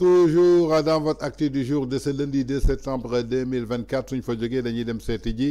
toujours dans votre actu du jour de ce lundi 2 septembre 2024 fa jógee dañuy dem seeti ji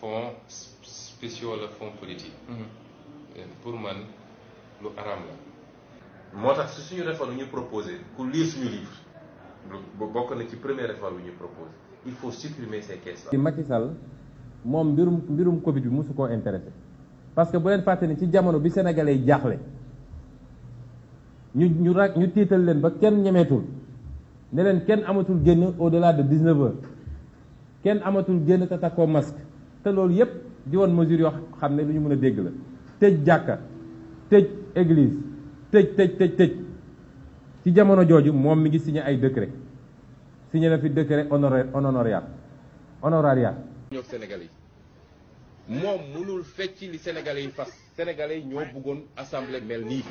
fonds spéciaux la fonds politique. Mhm. pour man lu arame la. moo tax si suñu réforme ñu proposé pour lire suñu livre. lu bokk na ci première réforme ñu proposé. il faut supprimer ces caisses là. Macky Sall moom mbirum mbirum Covid bi mosu koo intéressé parce que bu leen fàtte ni ci jamono bi sénégalais yi jaaxle ñu ñu ra ñu tiital leen ba kenn ñemeetul ne leen kenn amatul génn au delà de 19 heures kenn amatul génn tata takkoo masque. te loolu yépp di won mesure yoo xam ne lu ñu mën a dégg la tëj jàkka tëj église tëj tëj tëj tëj ci jamono jooju moom mi ngi signé ay décret signé na fi décret honoré honoraria honoraria ñoo sénégalais yi moom mënul fecc li sénégalais yi fas sénégalais ñoo bëggoon assemblée mel nii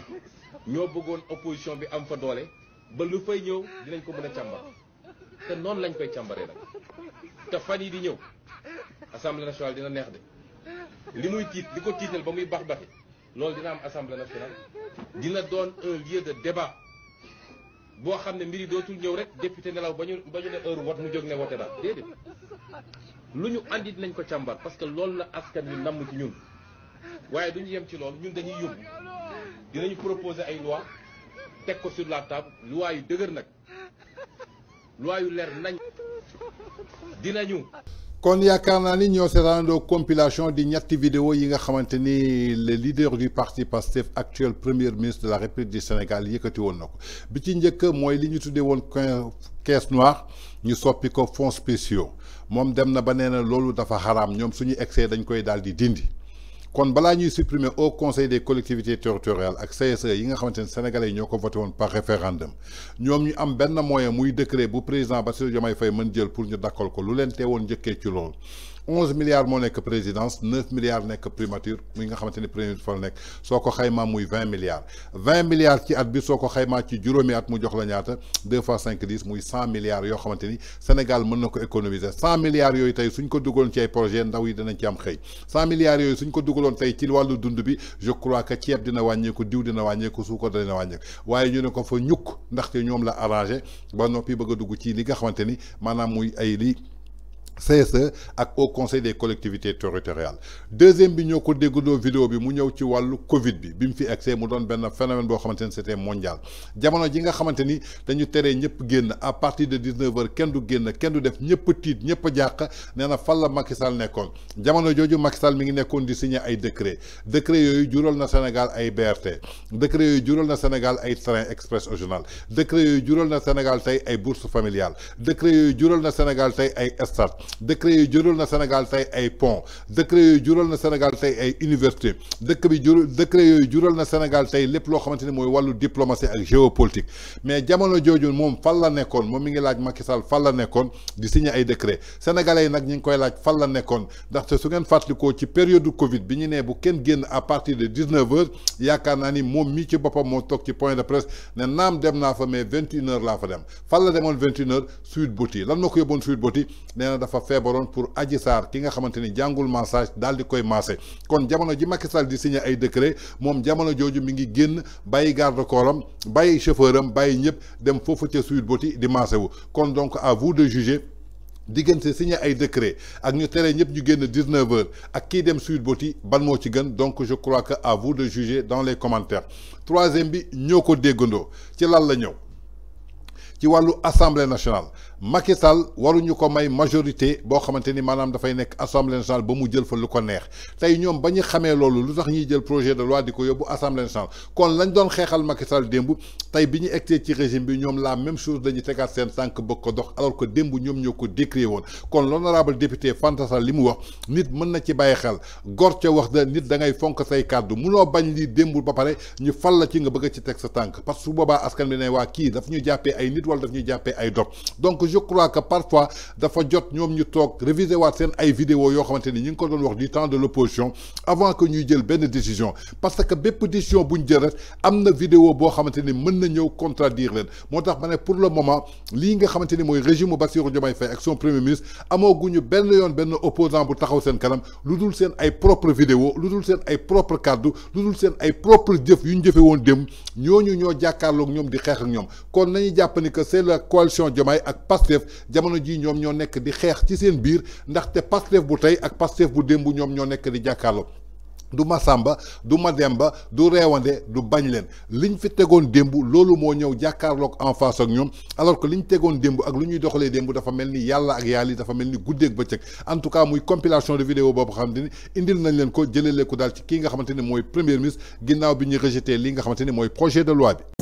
ñoo bëggoon opposition bi am fa doole ba lu fay ñëw dinañ ko mën a càmbar te noonu lañ koy càmbaree nag te fan yi di ñëw assemblée nationale dina neex de li muy assemblée nationale dina donne un lieu de débat bo xamné ne dootul rek député nelaw heure wat parce que lolou la askan ni nam ci ñun duñu yem ci ñun dañuy dinañu proposer ay loi sur la table loi yu loi yu nañ dinañu kon yaakaar naa ni ñoo seetaanandoo compilation di ñetti vidéo yi nga xamante le leader du parti Pastef actuel premier ministre de la République du Sénégal yëkkati woon na ko bi ci njëkk mooy li ñu tuddee woon caisse noire ñu soppi ko fonds spéciaux moom dem na ba nee na loolu dafa xaraam ñoom suñu excès dañ koy daal dindi kon bala ñuy supprimer au conseil des collectivités territoriales ak CSE yi nga xamante sénégalais yi ñoo ko voté par référendum ñom ñu am benn moyen muy décret bu président Bassirou Diomaye Faye mën jël pour ñu dakkal ko lu leen téwon njëkkee ci lool 11 milliards mon nek présidence 9 milliards nek primature muy nga xamanteni premier fois nek soko xeyma muy 20 milliards 20 milliards ci at bi soko xeyma ci juromi at mu jox la ñaata 2 fois 5 10 muy 100 milliards yo xamanteni Sénégal mën nako économiser 100 milliards yoy tay suñ ko dugulon ci ay projet ndaw yi dana ci am xey 100 milliards yoy suñ ko dugulon tay ci walu dund bi je crois que ciép dina wañé ko diw dina wañé ko suko dina wañé waye ñu ne ko fa ñuk ndax ñom la arrangé ba nopi bëgg dugg ci li nga xamanteni manam muy ay li CSE ak au conseil des collectivités territoriales deuxième bi ñoo ko déggandoo vidéo bi mu ñëw ci Covid bi bi fi accès mu doon benn phénomène bo xamante c'était mondial jamono ji nga xamante ni dañu tere ñëpp à partir de 19h kenn du génn kenn du def ñëpp a ñëpp jàq nee na fan la Macky Sall nekkoon jamono jooju Macky mi ngi di signer ay décret décret yooyu jural na Sénégal ay BRT décret yooyu jural na Sénégal ay train express régional décret yooyu jural na Sénégal tey ay bourses familiales décret yooyu jural na Sénégal tey ay stade dëkk yooyu jural na Sénégal tey ay pont dëkk yooyu jural na Sénégal tay ay université dëkk bi jur dëkk yooyu jural na Sénégal tay lepp lo xamanteni moy walu diplomatie ak géopolitique mais jamono jooju mom fan la nekkoon mom mi ngi laaj Macky Sall fan la nekkoon di signé ay décret sénégalais nak nag ngi koy laaj fan la nekkoon ndaxte su ngeen fatlikoo ci période Covid bi ñu nee bu kenn génn à partir de 19h heures yaakaar naa ni mom mi ci boppam mo tok ci point de presse ne naam dem naa fa mais 21h la fa dem fan la demone 21h suite Sweet lan moo ko yóbboon Sweet Beauté nee na dafa dafa féboron pour Adji Sarr ki nga xamanteni jangul massage d'al di koy massé kon jamono ji Macky Sall di signé ay décret mom jamono joju mi ngi garde corps baye bàyyi chauffeur ñep dem fofu ci suite masse. di massé kon donc à vous de juger diggante signé ay décret ak ñu téré ñep ñu génn 19 heures ak qui dem suite botti ban mo ci gën donc je crois que à vous de juger dans les commentaires troisième bi ñoko ko ci lan la ñew ci walu assemblée nationale Macky Sall waruñu ko may majorité boo xamante ni maanaam dafay nekk assemblée nationale ba mu jël fa lu ko neex tey ñoom ba ñu xamee loolu lu tax ñuy jël projet de loi di ko yóbbu assemblée nationale kon lañ doon xeexal Macky Sall démb tey bi ñu egtee ci régime bi ñoom laa même chose dañuy tegaat seen tànk bëgg ko dox alors que démb ñoom ñoo ko décrié woon kon l'honorable député Fanta Sall li mu wax nit mën na ci bàyyi xel gor ca wax da nit dangay ngay fonk say kàddu munoo bañ lii démb ba pare ñu fal la ci nga bëgg ci teg sa tànk parce que boobaa askan bi ne waa kii daf ñu jàppee ay nit wala daf ñu jàppee ay dog je crois que parfois dafa jot ñoom ñu toog réviser waat seen ay vidéo yo xamanteni ni ñu ko doon wax du temps de l'opposition avant que ñuy jël ben décision parce que des décision bu amener jël vidéo bo xamanteni ni mën na ñëw contredire leen motax mané pour le moment li nga xamanteni moy régime Bassirou Diomaye Faye ak son premier ministre amooguñu ben yoon ben opposant bu taxaw seen kanam ludul dul seen ay propre vidéo ludul dul seen ay propre kàddu ludul dul seen ay propre jëf yu ñu won dem ñoñu ño qu'on ak ñom di xex ak ñom kon nañu que c'est la coalition Diomaye ak Pastef jamono jii ñoom ñoo nekk di xeex ci seen biir ndaxte Pastef bu tey ak Pastef bu démb ñoom ñoo nekk di jàkkaarloo. du Masamba du Mademba du Réewande du bañ leen liñ fi tegoon démb loolu moo ñëw jàkkaarloog en face ak ñoom alors que liñ tegoon démb ak lu ñuy doxalee démb dafa mel ni yàlla ak yàlli dafa mel ni guddeeg bëccëg en tout cas muy compilation de vidéo boobu xamante ni indil nañ leen ko jëlee daal ci kii nga xamante ni mooy premier li nga xamante ni mooy projet de loi